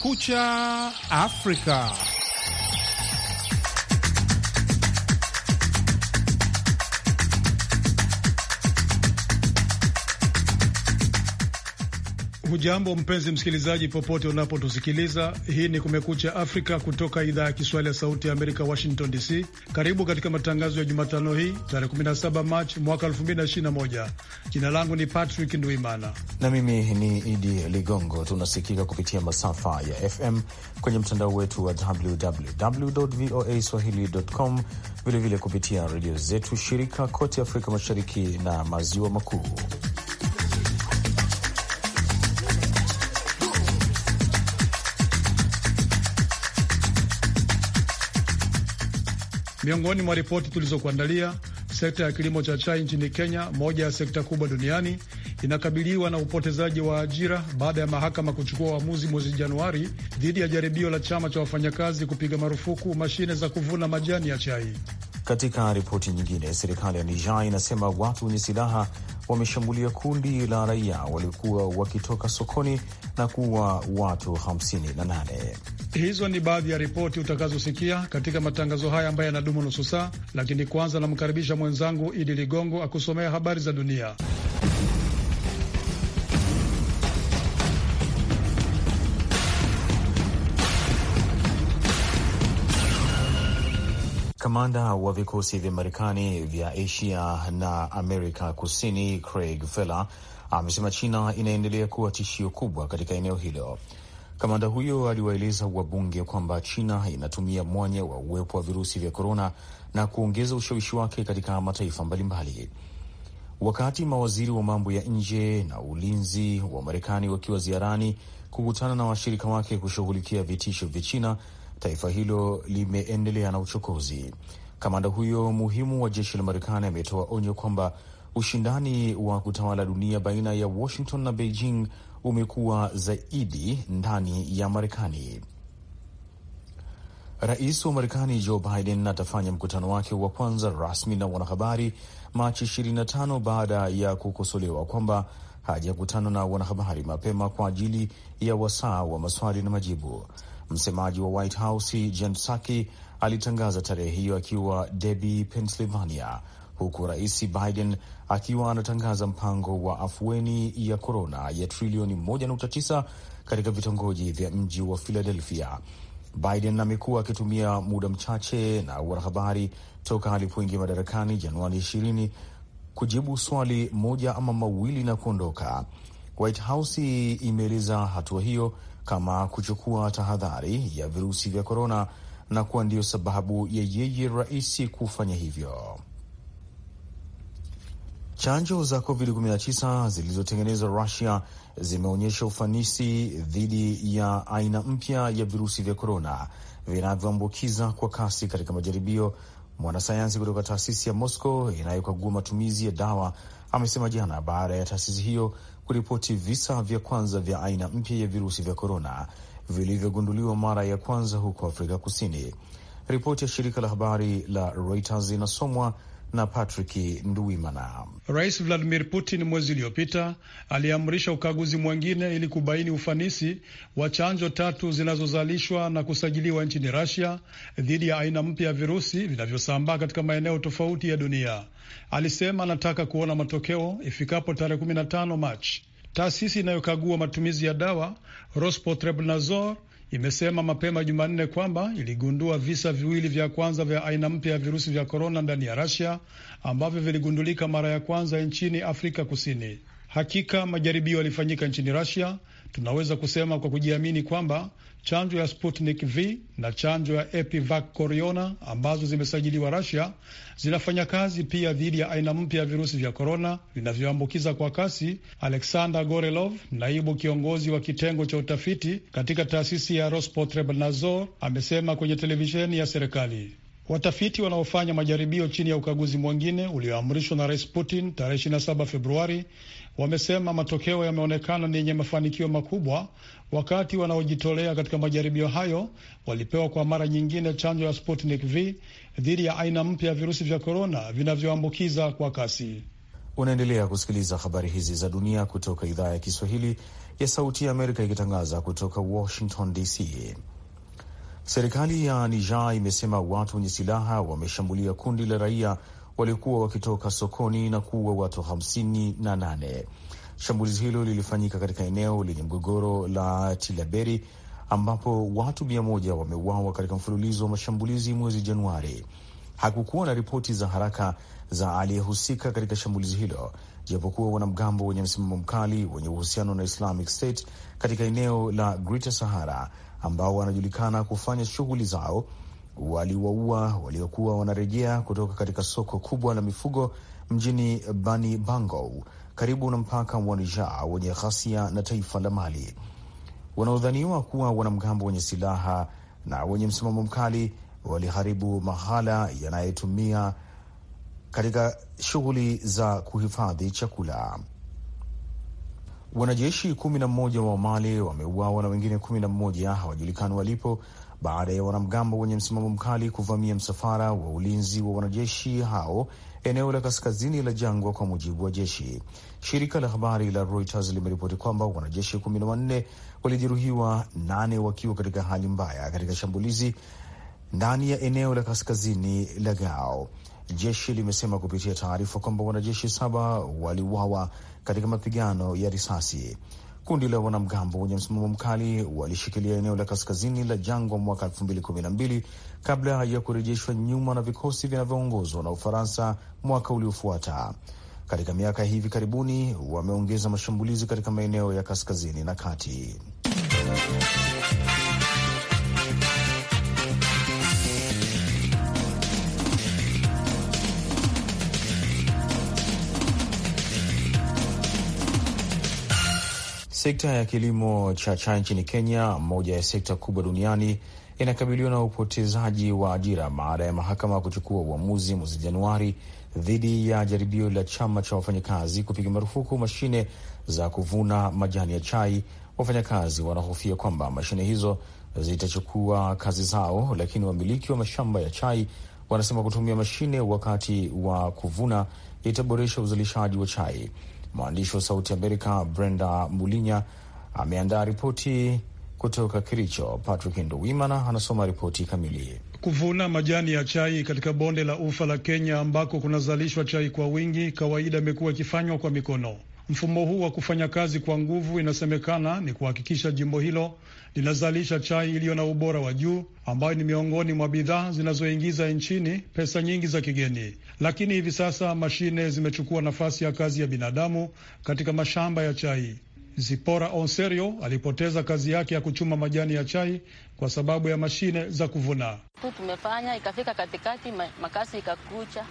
Kumekucha Afrika. Hujambo mpenzi msikilizaji, popote unapotusikiliza. Hii ni Kumekucha Afrika kutoka idhaa ya Kiswahili ya Sauti ya Amerika, Washington DC. Karibu katika matangazo ya Jumatano hii tarehe 17 Machi mwaka 2021. Jina langu ni Patrick nduimana na mimi ni Idi Ligongo. Tunasikika kupitia masafa ya FM kwenye mtandao wetu wa www voa swahili.com, vilevile kupitia redio zetu shirika kote Afrika Mashariki na Maziwa Makuu. Miongoni mwa ripoti tulizokuandalia, sekta ya kilimo cha chai nchini Kenya, moja ya sekta kubwa duniani, inakabiliwa na upotezaji wa ajira baada ya mahakama kuchukua uamuzi mwezi Januari dhidi ya jaribio la chama cha wafanyakazi kupiga marufuku mashine za kuvuna majani ya chai. Katika ripoti nyingine, serikali ya Niger inasema watu wenye silaha wameshambulia kundi la raia waliokuwa wakitoka sokoni na kuua watu 58. Hizo ni baadhi ya ripoti utakazosikia katika matangazo haya ambayo yanadumu nusu saa, lakini kwanza namkaribisha mwenzangu Idi Ligongo akusomea habari za dunia. Kamanda wa vikosi vya Marekani vya Asia na Amerika Kusini Craig fela amesema China inaendelea kuwa tishio kubwa katika eneo hilo. Kamanda huyo aliwaeleza wabunge kwamba China inatumia mwanya wa uwepo wa virusi vya korona na kuongeza ushawishi wake katika mataifa mbalimbali. Wakati mawaziri wa mambo ya nje na ulinzi wa Marekani wakiwa ziarani kukutana na washirika wake kushughulikia vitisho vya China taifa hilo limeendelea na uchokozi. Kamanda huyo muhimu wa jeshi la Marekani ametoa onyo kwamba ushindani wa kutawala dunia baina ya Washington na Beijing umekuwa zaidi ndani ya Marekani. Rais wa Marekani Joe Biden atafanya mkutano wake wa kwanza rasmi na wanahabari Machi 25 baada ya kukosolewa kwamba hajakutana na wanahabari mapema kwa ajili ya wasaa wa maswali na majibu. Msemaji wa White House Jen Psaki alitangaza tarehe hiyo akiwa Debi, Pennsylvania, huku Rais Biden akiwa anatangaza mpango wa afueni ya korona ya trilioni 1.9 katika vitongoji vya mji wa Philadelphia. Biden amekuwa akitumia muda mchache na wanahabari toka alipoingia madarakani Januari 20 kujibu swali moja ama mawili na kuondoka. White House imeeleza hatua hiyo kama kuchukua tahadhari ya virusi vya korona na kuwa ndiyo sababu ya yeye rais kufanya hivyo. Chanjo za COVID-19 zilizotengenezwa Rusia zimeonyesha ufanisi dhidi ya aina mpya ya virusi vya korona vinavyoambukiza kwa kasi katika majaribio. Mwanasayansi kutoka taasisi ya Moscow inayokagua matumizi ya dawa amesema jana, baada ya taasisi hiyo kuripoti visa vya kwanza vya aina mpya ya virusi vya korona vilivyogunduliwa mara ya kwanza huko Afrika Kusini. Ripoti ya shirika la habari la Reuters inasomwa na Patrick Nduimana. Rais Vladimir Putin mwezi uliopita aliamrisha ukaguzi mwingine ili kubaini ufanisi wa chanjo tatu zinazozalishwa na kusajiliwa nchini Russia dhidi ya aina mpya ya virusi vinavyosambaa katika maeneo tofauti ya dunia. Alisema anataka kuona matokeo ifikapo tarehe 15 Machi. Taasisi inayokagua matumizi ya dawa Rospotrebnazor imesema mapema Jumanne kwamba iligundua visa viwili vya kwanza vya aina mpya ya virusi vya korona ndani ya Rasia ambavyo viligundulika mara ya kwanza nchini Afrika Kusini. Hakika majaribio yalifanyika nchini Rasia Tunaweza kusema kwa kujiamini kwamba chanjo ya Sputnik V na chanjo ya Epivac Coriona ambazo zimesajiliwa Russia zinafanya kazi pia dhidi ya aina mpya ya virusi vya korona vinavyoambukiza kwa kasi. Alexander Gorelov, naibu kiongozi wa kitengo cha utafiti katika taasisi ya rospotrebnazor amesema kwenye televisheni ya serikali. Watafiti wanaofanya majaribio chini ya ukaguzi mwingine ulioamrishwa na Rais Putin tarehe 27 Februari wamesema matokeo yameonekana ni yenye mafanikio makubwa, wakati wanaojitolea katika majaribio hayo walipewa kwa mara nyingine chanjo ya Sputnik V dhidi ya aina mpya ya virusi vya korona vinavyoambukiza kwa kasi. Unaendelea kusikiliza habari hizi za dunia kutoka idhaa ya Kiswahili ya Sauti ya Amerika ikitangaza kutoka Washington DC. Serikali ya Niger imesema watu wenye silaha wameshambulia kundi la raia waliokuwa wakitoka sokoni na kuua watu 58 na nane. Shambulizi hilo lilifanyika katika eneo lenye mgogoro la Tilaberi ambapo watu mia moja wameuawa katika mfululizo wa mashambulizi mwezi Januari. Hakukuwa na ripoti za haraka za aliyehusika katika shambulizi hilo, japokuwa wanamgambo wenye msimamo mkali wenye uhusiano na Islamic State katika eneo la Greater Sahara ambao wanajulikana kufanya shughuli zao waliwaua waliokuwa wanarejea kutoka katika soko kubwa la mifugo mjini Bani Bango karibu na mpaka wa Niger wenye ghasia na taifa la Mali. Wanaodhaniwa kuwa wanamgambo wenye silaha na wenye msimamo mkali waliharibu mahala yanayotumia katika shughuli za kuhifadhi chakula. Wanajeshi kumi na mmoja wa Mali wameuawa na wengine kumi na mmoja hawajulikani walipo baada ya wanamgambo wenye msimamo mkali kuvamia msafara wa ulinzi wa wanajeshi hao eneo la kaskazini la jangwa, kwa mujibu wa jeshi. Shirika la habari la Reuters limeripoti kwamba wanajeshi kumi na wanne walijeruhiwa, nane wakiwa katika hali mbaya katika shambulizi ndani ya eneo la kaskazini la Gao. Jeshi limesema kupitia taarifa kwamba wanajeshi saba waliuawa katika mapigano ya risasi. Kundi la wanamgambo wenye msimamo mkali walishikilia eneo la kaskazini la jangwa mwaka mbili kabla ya kurejeshwa nyuma na vikosi vinavyoongozwa na Ufaransa mwaka uliofuata. Katika miaka hivi karibuni wameongeza mashambulizi katika maeneo ya kaskazini na kati. Sekta ya kilimo cha chai nchini Kenya, moja ya sekta kubwa duniani, inakabiliwa na upotezaji wa ajira baada ya mahakama kuchukua uamuzi mwezi Januari dhidi ya jaribio la chama cha wafanyakazi kupiga marufuku mashine za kuvuna majani ya chai. Wafanyakazi wanahofia kwamba mashine hizo zitachukua kazi zao, lakini wamiliki wa mashamba ya chai wanasema kutumia mashine wakati wa kuvuna itaboresha uzalishaji wa chai. Mwandishi wa Sauti Amerika Brenda Mulinya ameandaa ripoti kutoka kiricho Patrick Nduwimana anasoma ripoti kamili. Kuvuna majani ya chai katika bonde la ufa la Kenya ambako kunazalishwa chai kwa wingi, kawaida imekuwa ikifanywa kwa mikono. Mfumo huu wa kufanya kazi kwa nguvu inasemekana ni kuhakikisha jimbo hilo linazalisha chai iliyo na ubora wa juu ambayo ni miongoni mwa bidhaa zinazoingiza nchini pesa nyingi za kigeni. Lakini hivi sasa mashine zimechukua nafasi ya kazi ya binadamu katika mashamba ya chai. Zipora Onserio alipoteza kazi yake ya kuchuma majani ya chai kwa sababu ya mashine za kuvuna. Tu tumefanya ikafika katikati, makasi ikakucha,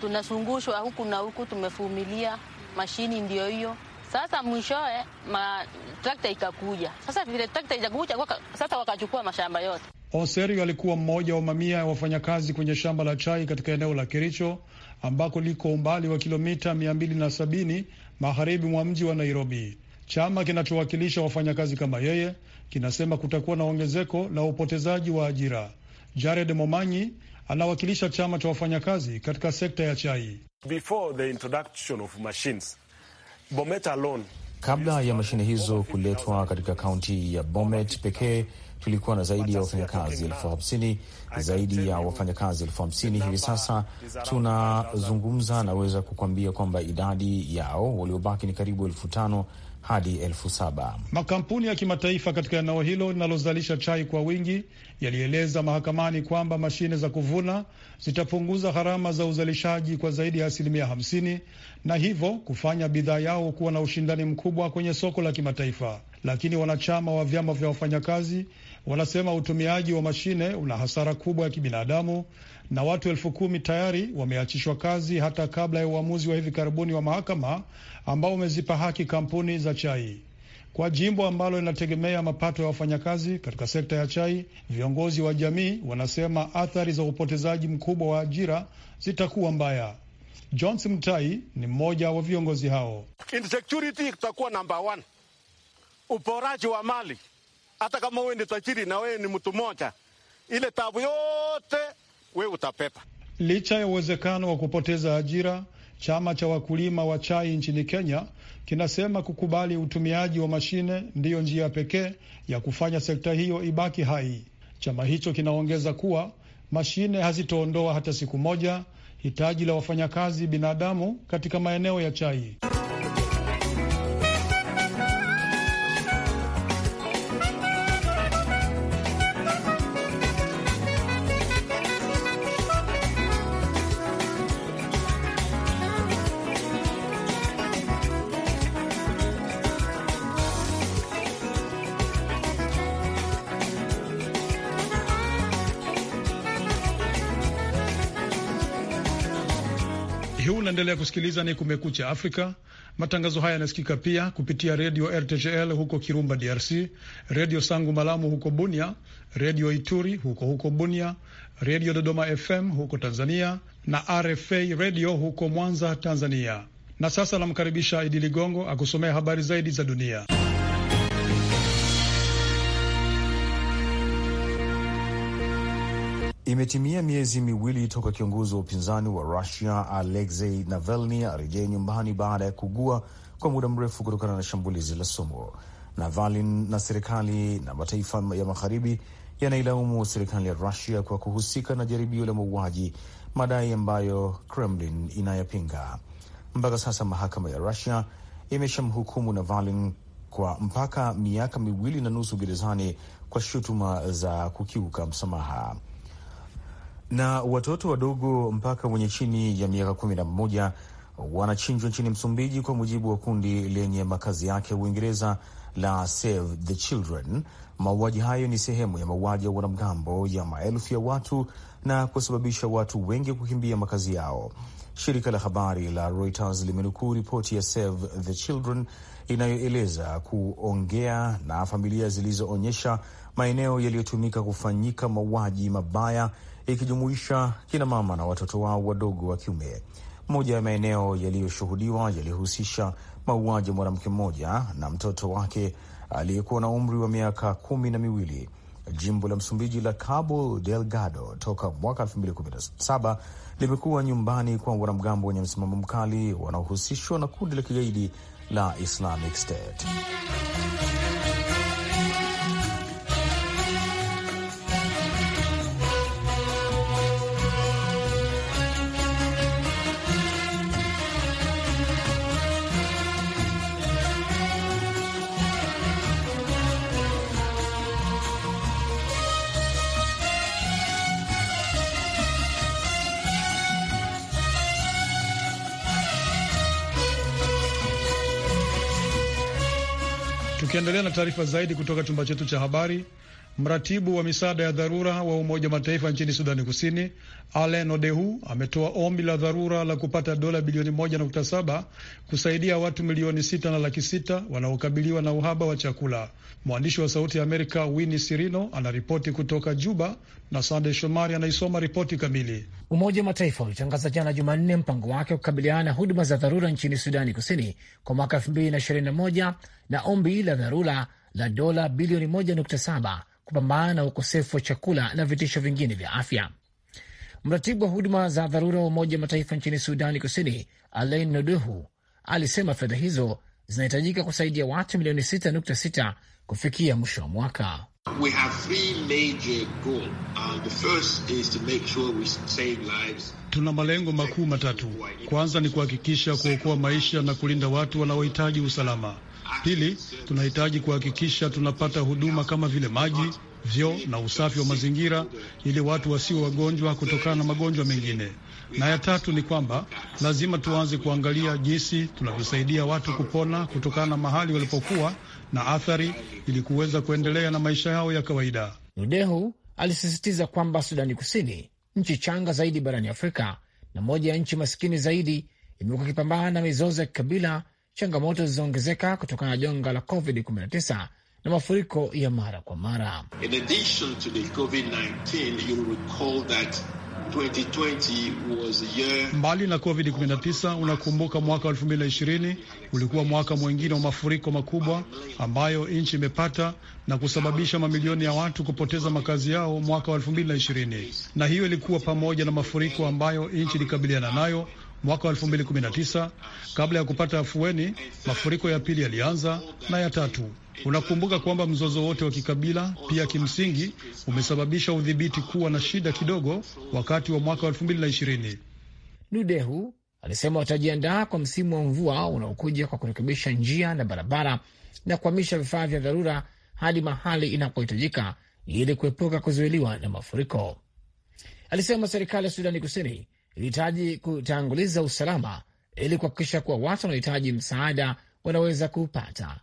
tunazungushwa huku na huku, tumefumilia mashini ndio hiyo sasa. Mwishowe trakta ikakuja. Sasa vile trakta ikakuja, sasa wakachukua mashamba yote. Oseri alikuwa mmoja wa mamia ya wafanyakazi kwenye shamba la chai katika eneo la Kericho ambako liko umbali wa kilomita 270 magharibi mwa mji wa Nairobi. Chama kinachowakilisha wafanyakazi kama yeye kinasema kutakuwa na ongezeko la upotezaji wa ajira. Jared Momanyi anawakilisha chama cha wafanyakazi katika sekta ya chai. Before the introduction of machines, Bomet alone, kabla ya mashine hizo kuletwa katika kaunti ya Bomet pekee tulikuwa na zaidi ya wafanyakazi elfu hamsini zaidi ya wafanyakazi elfu hamsini Hivi sasa tunazungumza, naweza kukuambia kwamba idadi yao waliobaki ni karibu elfu tano hadi elfu saba. Makampuni ya kimataifa katika eneo hilo linalozalisha chai kwa wingi yalieleza mahakamani kwamba mashine za kuvuna zitapunguza gharama za uzalishaji kwa zaidi ya asilimia hamsini na hivyo kufanya bidhaa yao kuwa na ushindani mkubwa kwenye soko la kimataifa, lakini wanachama wa vyama vya wafanyakazi Wanasema utumiaji wa mashine una hasara kubwa ya kibinadamu na watu elfu kumi tayari wameachishwa kazi hata kabla ya uamuzi wa hivi karibuni wa mahakama ambao umezipa haki kampuni za chai. Kwa jimbo ambalo linategemea mapato ya wafanyakazi katika sekta ya chai, viongozi wa jamii wanasema athari za upotezaji mkubwa wa ajira zitakuwa mbaya. Johnson Mtai ni mmoja wa viongozi hao. Insecurity itakuwa namba one, uporaji wa mali hata kama wewe ni tajiri na wewe ni mtu mmoja, ile tabu yote wewe utapepa. Licha ya uwezekano wa kupoteza ajira, chama cha wakulima wa chai nchini Kenya kinasema kukubali utumiaji wa mashine ndiyo njia pekee ya kufanya sekta hiyo ibaki hai. Chama hicho kinaongeza kuwa mashine hazitoondoa hata siku moja hitaji la wafanyakazi binadamu katika maeneo ya chai. Unaendelea kusikiliza ni Kumekucha Afrika. Matangazo haya yanasikika pia kupitia redio RTGL huko Kirumba, DRC, redio Sangu Malamu huko Bunia, redio Ituri huko huko Bunia, redio Dodoma FM huko Tanzania na RFA redio huko Mwanza, Tanzania. Na sasa namkaribisha Idi Ligongo akusomea habari zaidi za dunia. Imetimia miezi miwili toka kiongozi wa upinzani wa Rusia Alexei Navalny arejee nyumbani baada ya kugua kwa muda mrefu kutokana na shambulizi la sumu. Navalny na serikali na mataifa ya magharibi yanailaumu serikali ya Rusia kwa kuhusika na jaribio la mauaji, madai ambayo Kremlin inayapinga. Mpaka sasa mahakama ya Rusia imeshamhukumu Navalny kwa mpaka miaka miwili na nusu gerezani kwa shutuma za kukiuka msamaha na watoto wadogo mpaka wenye chini ya miaka kumi na mmoja wanachinjwa nchini Msumbiji, kwa mujibu wa kundi lenye makazi yake Uingereza la Save the Children. Mauaji hayo ni sehemu ya mauaji ya wanamgambo ya maelfu ya watu na kusababisha watu wengi kukimbia makazi yao. Shirika la habari la Reuters limenukuu ripoti ya Save the Children inayoeleza kuongea na familia zilizoonyesha maeneo yaliyotumika kufanyika mauaji mabaya ikijumuisha kina mama na watoto wao wadogo wa kiume. Moja ya maeneo yaliyoshuhudiwa yalihusisha mauaji ya mwanamke mmoja na mtoto wake aliyekuwa na umri wa miaka kumi na miwili jimbo la Msumbiji la Cabo Delgado toka mwaka 2017 limekuwa nyumbani kwa wanamgambo wenye msimamo mkali wanaohusishwa na kundi la kigaidi la Islamic State. Tunaendelea na taarifa zaidi kutoka chumba chetu cha habari. Mratibu wa misaada ya dharura wa Umoja Mataifa nchini Sudani Kusini, Alen Odehu, ametoa ombi la dharura la kupata dola bilioni moja nukta saba kusaidia watu milioni sita na laki sita wanaokabiliwa na uhaba wa chakula. Mwandishi wa Sauti ya Amerika Winnie Sirino anaripoti kutoka Juba na Sande Shomari anaisoma ripoti kamili. Umoja wa Mataifa ulitangaza jana Jumanne mpango wake wa kukabiliana na huduma za dharura nchini Sudani Kusini kwa mwaka elfu mbili na ishirini na moja na ombi la dharura la dola bilioni moja nukta saba kupambana na ukosefu wa chakula na vitisho vingine vya afya. Mratibu wa huduma za dharura wa Umoja Mataifa nchini Sudani Kusini, Alain Noduhu, alisema fedha hizo zinahitajika kusaidia watu milioni 6.6 kufikia mwisho wa mwaka. Uh, Tuna malengo makuu matatu. Kwanza ni kuhakikisha kuokoa maisha na kulinda watu wanaohitaji usalama. Pili, tunahitaji kuhakikisha tunapata huduma kama vile maji, vyoo na usafi wa mazingira ili watu wasio wagonjwa kutokana na magonjwa mengine. Na ya tatu ni kwamba lazima tuanze kuangalia jinsi tunavyosaidia watu kupona kutokana na mahali walipokuwa na athari ili kuweza kuendelea na maisha yao ya kawaida. Nudehu alisisitiza kwamba Sudani Kusini, nchi changa zaidi barani Afrika na moja ya nchi maskini zaidi, imekuwa ikipambana na mizozo ya kikabila changamoto zilizoongezeka kutokana na janga la COVID-19 na mafuriko ya mara kwa mara. Mbali na COVID-19, unakumbuka mwaka wa 2020 ulikuwa mwaka mwingine wa mafuriko makubwa ambayo nchi imepata na kusababisha mamilioni ya watu kupoteza makazi yao mwaka wa 2020, na hiyo ilikuwa pamoja na mafuriko ambayo nchi ilikabiliana nayo mwaka 2019 kabla ya kupata afueni. Mafuriko ya pili yalianza na ya tatu. Unakumbuka kwamba mzozo wote wa kikabila pia kimsingi umesababisha udhibiti kuwa na shida kidogo wakati wa mwaka 2020. Nudehu alisema watajiandaa kwa msimu wa mvua unaokuja kwa kurekebisha njia na barabara na kuhamisha vifaa vya dharura hadi mahali inapohitajika ili kuepuka kuzuiliwa na mafuriko. Alisema serikali ya Sudani Kusini ilihitaji kutanguliza usalama ili kuhakikisha kuwa watu wanaohitaji msaada wanaweza kuupata.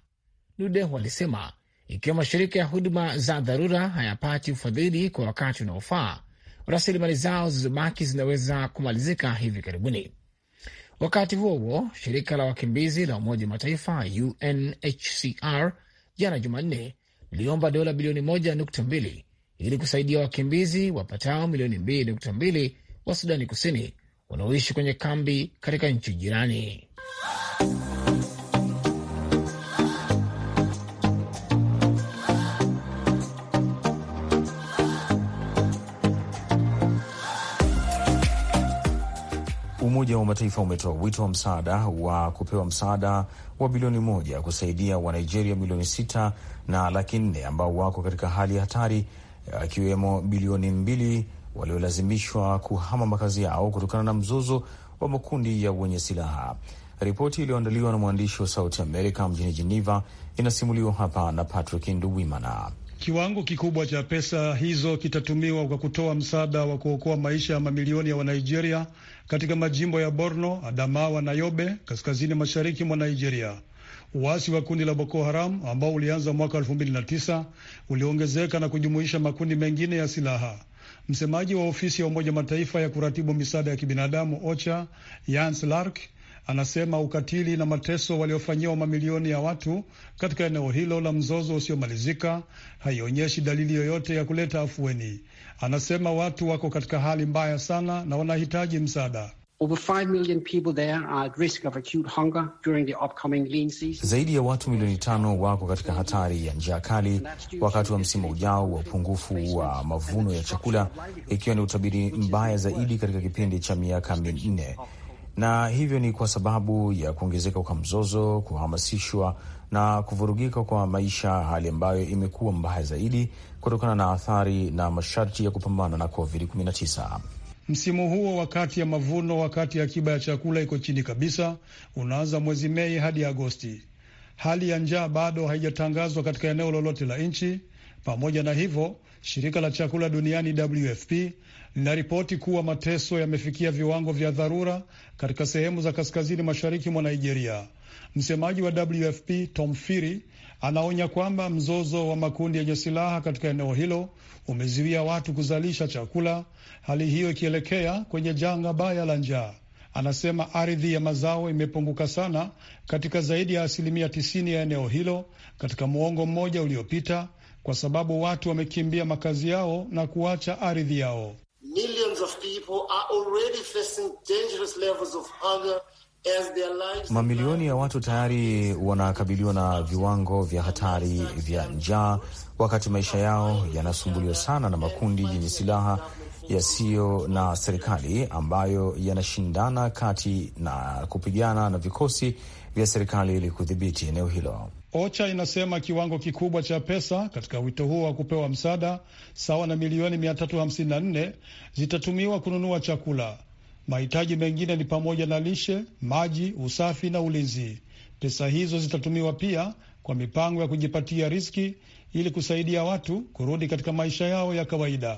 Dude walisema ikiwa mashirika ya huduma za dharura hayapati ufadhili kwa wakati unaofaa, rasilimali zao zilizobaki zinaweza kumalizika hivi karibuni. Wakati huo huo, shirika la wakimbizi la Umoja Mataifa UNHCR jana Jumanne liliomba dola bilioni 1.2 ili kusaidia wakimbizi wapatao milioni 2.2 wa Sudani Kusini wanaoishi kwenye kambi katika nchi jirani. Umoja wa Mataifa umetoa wito wa msaada wa kupewa msaada wa bilioni moja kusaidia Wanigeria milioni sita na laki nne ambao wako katika hali hatari, akiwemo bilioni mbili waliolazimishwa kuhama makazi yao kutokana na mzozo wa makundi ya wenye silaha. Ripoti iliyoandaliwa na mwandishi wa Sauti Amerika mjini Geneva inasimuliwa hapa na Patrick Nduwimana. Kiwango kikubwa cha pesa hizo kitatumiwa kwa kutoa msaada wa kuokoa maisha ya mamilioni ya Wanigeria katika majimbo ya Borno, Adamawa na Yobe, kaskazini mashariki mwa Nigeria. Uasi wa kundi la Boko Haram ambao ulianza mwaka 2009 uliongezeka na kujumuisha makundi mengine ya silaha. Msemaji wa ofisi ya Umoja Mataifa ya kuratibu misaada ya kibinadamu OCHA, Jens Lark anasema ukatili na mateso waliofanyiwa mamilioni ya watu katika eneo hilo la mzozo usiomalizika haionyeshi dalili yoyote ya kuleta afueni. Anasema watu wako katika hali mbaya sana na wanahitaji msaada. Zaidi ya watu milioni tano wako katika hatari ya njaa kali wakati wa msimu ujao wa upungufu wa mavuno ya chakula, ikiwa ni utabiri mbaya zaidi katika kipindi cha miaka minne, na hivyo ni kwa sababu ya kuongezeka kwa mzozo, kuhamasishwa na kuvurugika kwa maisha, hali ambayo imekuwa mbaya zaidi kutokana na athari na masharti ya kupambana na COVID-19. Msimu huo wa kati ya mavuno, wakati akiba ya chakula iko chini kabisa, unaanza mwezi Mei hadi Agosti. Hali ya njaa bado haijatangazwa katika eneo lolote la nchi. Pamoja na hivyo, shirika la chakula duniani WFP linaripoti kuwa mateso yamefikia viwango vya dharura katika sehemu za kaskazini mashariki mwa Nigeria. Msemaji wa WFP Tom Firi Anaonya kwamba mzozo wa makundi yenye silaha katika eneo hilo umezuia watu kuzalisha chakula, hali hiyo ikielekea kwenye janga baya la njaa. Anasema ardhi ya mazao imepunguka sana katika zaidi ya asilimia tisini ya eneo hilo katika muongo mmoja uliopita, kwa sababu watu wamekimbia makazi yao na kuacha ardhi yao. Millions of people are already facing dangerous levels of hunger. Mamilioni ya watu tayari wanakabiliwa na viwango vya hatari vya njaa, wakati maisha yao yanasumbuliwa sana na makundi yenye silaha yasiyo na serikali ambayo yanashindana kati na kupigana na vikosi vya serikali ili kudhibiti eneo hilo. OCHA inasema kiwango kikubwa cha pesa katika wito huo wa kupewa msaada sawa na milioni 354 zitatumiwa kununua chakula Mahitaji mengine ni pamoja na lishe, maji, usafi na ulinzi. Pesa hizo zitatumiwa pia kwa mipango ya kujipatia riski ili kusaidia watu kurudi katika maisha yao ya kawaida.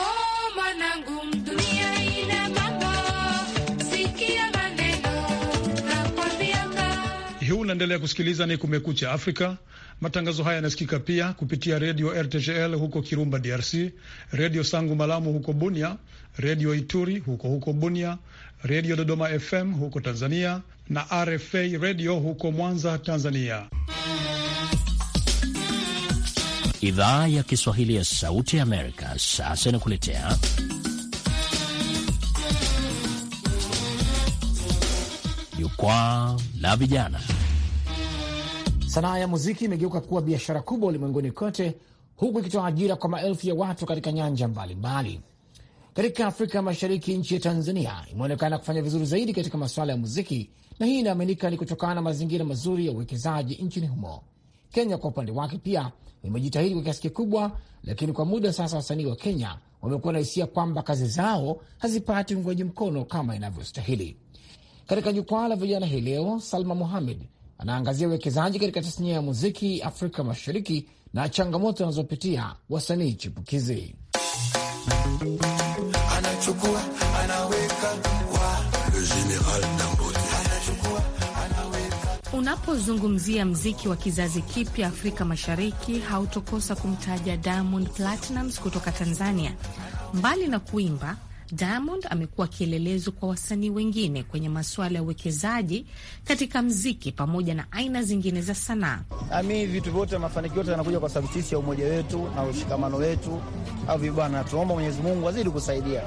Unaendelea kusikiliza ni Kumekucha Afrika. Matangazo haya yanasikika pia kupitia redio RTGL huko Kirumba, DRC, redio Sangu Malamu huko Bunia, redio Ituri huko huko Bunia, redio Dodoma FM huko Tanzania na RFA redio huko Mwanza, Tanzania. Idhaa ya Kiswahili ya Sauti ya Amerika sasa inakuletea jukwaa la vijana. Sanaa ya muziki imegeuka kuwa biashara kubwa ulimwenguni kote, huku ikitoa ajira kwa maelfu ya watu katika nyanja mbalimbali. Katika Afrika Mashariki, nchi ya Tanzania imeonekana kufanya vizuri zaidi katika masuala ya muziki, na hii inaaminika ni kutokana na mazingira mazuri ya uwekezaji nchini humo. Kenya kwa upande wake pia imejitahidi kwa kiasi kikubwa, lakini kwa muda sasa wasanii wa Kenya wamekuwa na hisia kwamba kazi zao hazipati uungwaji mkono kama inavyostahili. Katika jukwaa la vijana hii leo, Salma muhamed anaangazia uwekezaji katika tasnia ya muziki Afrika Mashariki na changamoto anazopitia wasanii chipukizi. Unapozungumzia mziki wa kizazi kipya Afrika Mashariki, hautokosa kumtaja Diamond Platnumz kutoka Tanzania. Mbali na kuimba, Diamond amekuwa kielelezo kwa wasanii wengine kwenye masuala ya uwekezaji katika mziki pamoja na aina zingine za sanaa. Ami, ah, vitu vyote, mafanikio yote yanakuja kwa sababu sisi ya umoja wetu na ushikamano wetu, au vibana. Tunaomba Mwenyezi Mungu azidi kusaidia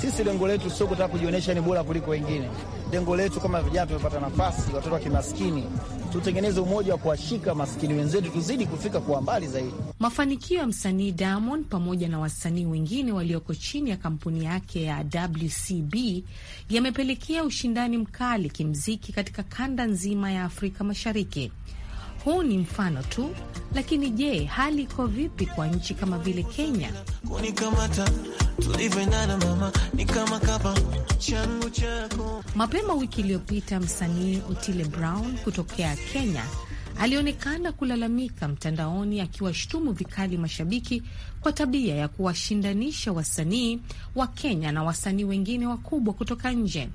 sisi. Lengo letu sio kutaka kujionyesha ni bora kuliko wengine lengo letu kama vijana tumepata nafasi, watoto wa kimaskini, tutengeneze umoja wa kuwashika maskini wenzetu, tuzidi kufika kwa mbali zaidi. Mafanikio ya msanii Diamond pamoja na wasanii wengine walioko chini ya kampuni yake ya WCB yamepelekea ushindani mkali kimziki katika kanda nzima ya Afrika Mashariki. Huu ni mfano tu, lakini je, hali iko vipi kwa nchi kama vile Kenya? Mapema wiki iliyopita msanii Otile Brown kutokea Kenya alionekana kulalamika mtandaoni akiwashtumu vikali mashabiki kwa tabia ya kuwashindanisha wasanii wa Kenya na wasanii wengine wakubwa kutoka nje.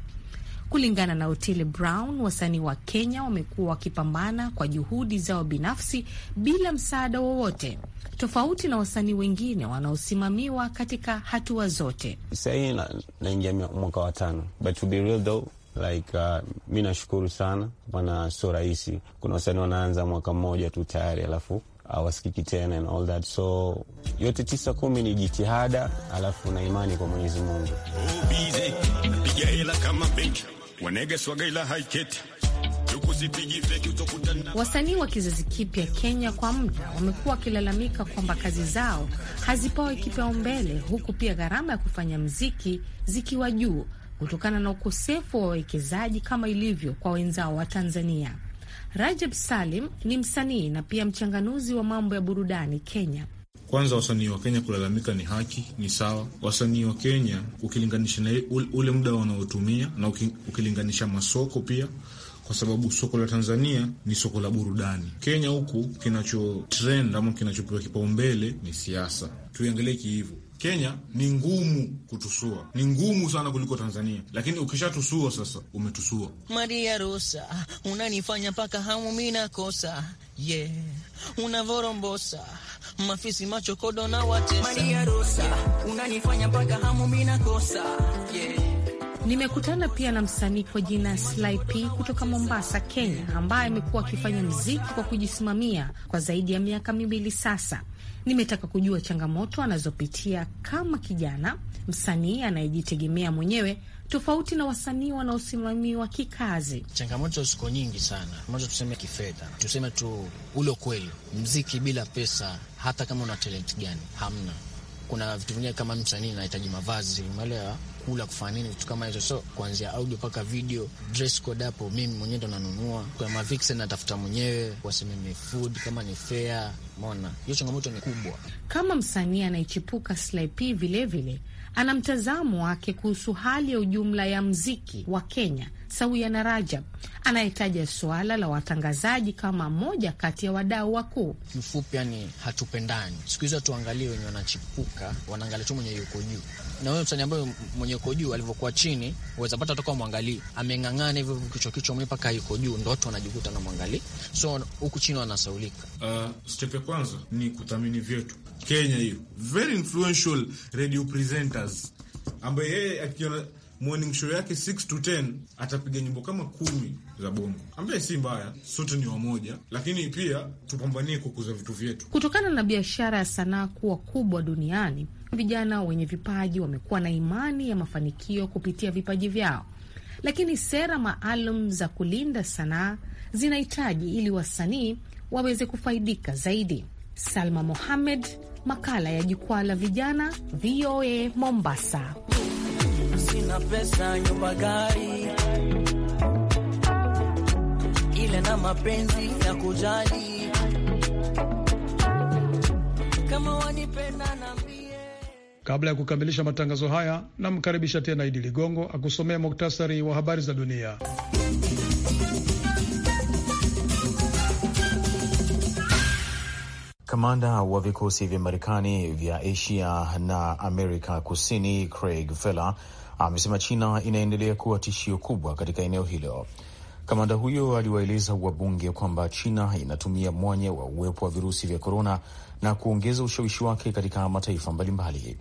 Kulingana na Otile Brown, wasanii wa Kenya wamekuwa wakipambana kwa juhudi zao binafsi bila msaada wowote, tofauti na wasanii wengine wanaosimamiwa katika hatua zote. Sahii naingia na mwaka wa tano, but to be real though like uh, mi nashukuru sana maana sio rahisi. Kuna wasanii wanaanza mwaka mmoja tu tayari alafu awasikiki tena and all that, so yote tisa kumi ni jitihada, alafu na imani kwa Mwenyezi Mungu. Wasanii wa kizazi kipya Kenya kwa muda wamekuwa wakilalamika kwamba kazi zao hazipawi kipaumbele, huku pia gharama ya kufanya mziki zikiwa juu kutokana na ukosefu wa wawekezaji kama ilivyo kwa wenzao wa Tanzania. Rajab Salim ni msanii na pia mchanganuzi wa mambo ya burudani Kenya. Kwanza wasanii wa Kenya kulalamika ni haki, ni sawa. Wasanii wa Kenya ukilinganisha na ule muda wanaotumia na ukilinganisha masoko pia kwa sababu soko la Tanzania ni soko la burudani. Kenya huku kinacho trend ama kinachopewa kipaumbele ni siasa, tuiangalie kihivo. Kenya ni ngumu kutusua, ni ngumu sana kuliko Tanzania, lakini ukishatusua sasa umetusua. Maria Rosa, unanifanya mpaka hamu mi nakosa ye yeah. Unavorombosa mafisi macho kodo na watesa. Maria Rosa, unanifanya mpaka hamu mi nakosa yeah. Nimekutana pia na msanii kwa jina Sly P kutoka Mombasa, Kenya, ambaye amekuwa akifanya mziki kwa kujisimamia kwa zaidi ya miaka miwili sasa. Nimetaka kujua changamoto anazopitia kama kijana msanii anayejitegemea mwenyewe tofauti na wasanii wanaosimamiwa kikazi. Changamoto ziko nyingi sana, moja tuseme kifedha, tuseme tu ule ukweli, mziki bila pesa, hata kama una talenti gani, hamna kuna vitu vingine kama msanii anahitaji mavazi, umeelewa, kula, kufanya nini, vitu kama hizo. So kuanzia audio mpaka video, dress code hapo mimi mwenyewe ndo nanunua, kuna mavixen natafuta mwenyewe, ni food kama ni fair. Mona hiyo changamoto ni kubwa. Kama msanii anaichipuka slip vilevile ana mtazamo wake kuhusu hali ya ujumla ya mziki wa Kenya, sawia na Rajab anayetaja suala la watangazaji kama moja kati ya wadau wakuu. Kiufupi yani, hatupendani siku hizi. Tuangalie wenye wanachipuka, wanaangalia tu mwenye yuko juu, na huyo msanii ambayo mwenye yuko juu alivyokuwa chini, waweza pata toka mwangalie ameng'ang'ana hivyo kichwa kichwa mwe mpaka yuko juu, ndo watu wanajikuta na mwangalii, so huku chini wanasaulika. Uh, step ya kwanza ni kuthamini vyetu Kenya hiyo very influential radio presenters, ambaye yeye akiona morning show yake 6 to 10 atapiga nyimbo kama kumi za bongo, ambaye si mbaya, sote ni wamoja, lakini pia tupambanie kukuza vitu vyetu. Kutokana na biashara ya sanaa kuwa kubwa duniani, vijana wenye vipaji wamekuwa na imani ya mafanikio kupitia vipaji vyao, lakini sera maalum za kulinda sanaa zinahitaji ili wasanii waweze kufaidika zaidi. Salma Mohamed, makala ya jukwaa la vijana VOA Mombasa. Sina pesa, nyumba, gari, ile na mapenzi ya kujali kama wanipenda na Kabla ya kukamilisha matangazo haya, namkaribisha tena Idi Ligongo akusomea muktasari wa habari za dunia. Kamanda wa vikosi vya Marekani vya Asia na Amerika Kusini Craig fela amesema China inaendelea kuwa tishio kubwa katika eneo hilo. Kamanda huyo aliwaeleza wabunge kwamba China inatumia mwanya wa uwepo wa virusi vya korona na kuongeza ushawishi wake katika mataifa mbalimbali.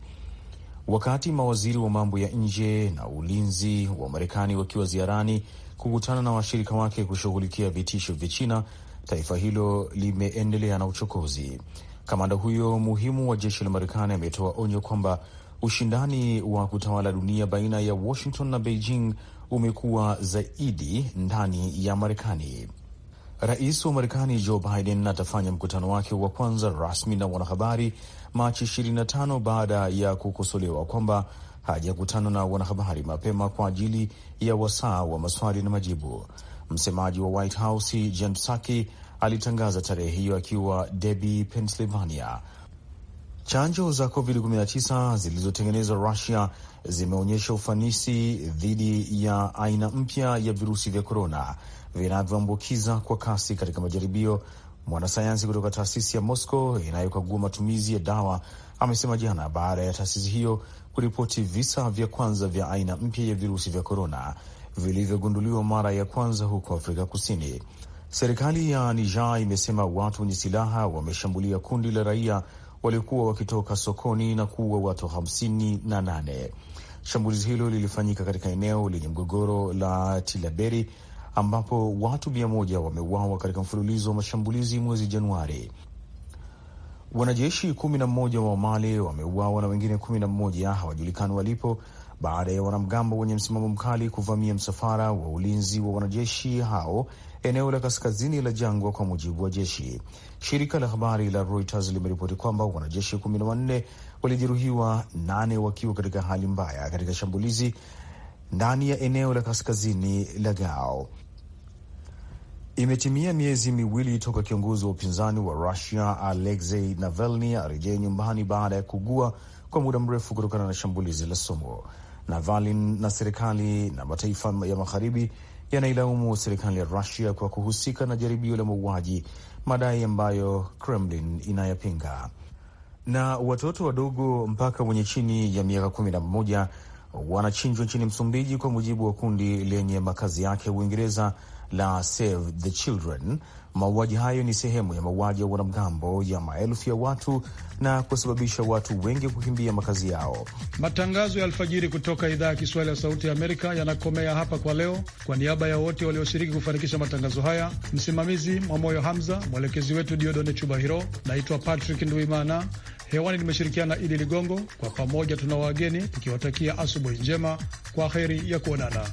Wakati mawaziri wa mambo ya nje na ulinzi wa Marekani wakiwa ziarani kukutana na washirika wake kushughulikia vitisho vya China, taifa hilo limeendelea na uchokozi. Kamanda huyo muhimu wa jeshi la Marekani ametoa onyo kwamba ushindani wa kutawala dunia baina ya Washington na Beijing umekuwa zaidi ndani ya Marekani. Rais wa Marekani Joe Biden atafanya mkutano wake wa kwanza rasmi na wanahabari Machi 25 baada ya kukosolewa kwamba hajakutana na wanahabari mapema kwa ajili ya wasaa wa maswali na majibu. Msemaji wa White House Jen Psaki alitangaza tarehe hiyo akiwa Debi, Pennsylvania. Chanjo za COVID-19 zilizotengenezwa Rusia zimeonyesha ufanisi dhidi ya aina mpya ya virusi vya korona vinavyoambukiza kwa kasi katika majaribio. Mwanasayansi kutoka taasisi ya Moscow inayokagua matumizi ya dawa amesema jana, baada ya taasisi hiyo kuripoti visa vya kwanza vya aina mpya ya virusi vya korona vilivyogunduliwa mara ya kwanza huko Afrika Kusini. Serikali ya Niger imesema watu wenye silaha wameshambulia kundi la raia waliokuwa wakitoka sokoni na kuua watu hamsini na nane. Shambulizi hilo lilifanyika katika eneo lenye mgogoro la Tilaberi ambapo watu mia moja wameuawa katika mfululizo wa mashambulizi mwezi Januari. Wanajeshi kumi na mmoja wa Mali wameuawa na wengine kumi na mmoja hawajulikani walipo baada ya wanamgambo wenye msimamo mkali kuvamia msafara wa ulinzi wa wanajeshi hao eneo la kaskazini la jangwa, kwa mujibu wa jeshi. Shirika la habari la Reuters limeripoti kwamba wanajeshi kumi na wanne walijeruhiwa, nane wakiwa katika hali mbaya katika shambulizi ndani ya eneo la kaskazini la Gao. Imetimia miezi miwili toka kiongozi wa upinzani wa Rusia Alexei Navalny arejee nyumbani baada ya kugua kwa muda mrefu kutokana na shambulizi la sumu. Navalny na serikali na mataifa ya magharibi yanailaumu serikali ya Rusia kwa kuhusika na jaribio la mauaji, madai ambayo Kremlin inayapinga. Na watoto wadogo mpaka wenye chini ya miaka kumi na mmoja wanachinjwa nchini Msumbiji, kwa mujibu wa kundi lenye makazi yake Uingereza la Save the Children Mauaji hayo ni sehemu ya mauaji ya wanamgambo ya maelfu ya watu na kusababisha watu wengi kukimbia makazi yao. Matangazo ya alfajiri kutoka idhaa ya Kiswahili ya Sauti ya Amerika yanakomea hapa kwa leo. Kwa niaba ya wote walioshiriki kufanikisha matangazo haya, msimamizi Mwamoyo Hamza, mwelekezi wetu Diodone Chubahiro. Naitwa Patrick Nduimana, hewani nimeshirikiana Idi Ligongo. Kwa pamoja tuna wageni tukiwatakia asubuhi njema, kwa heri ya kuonana.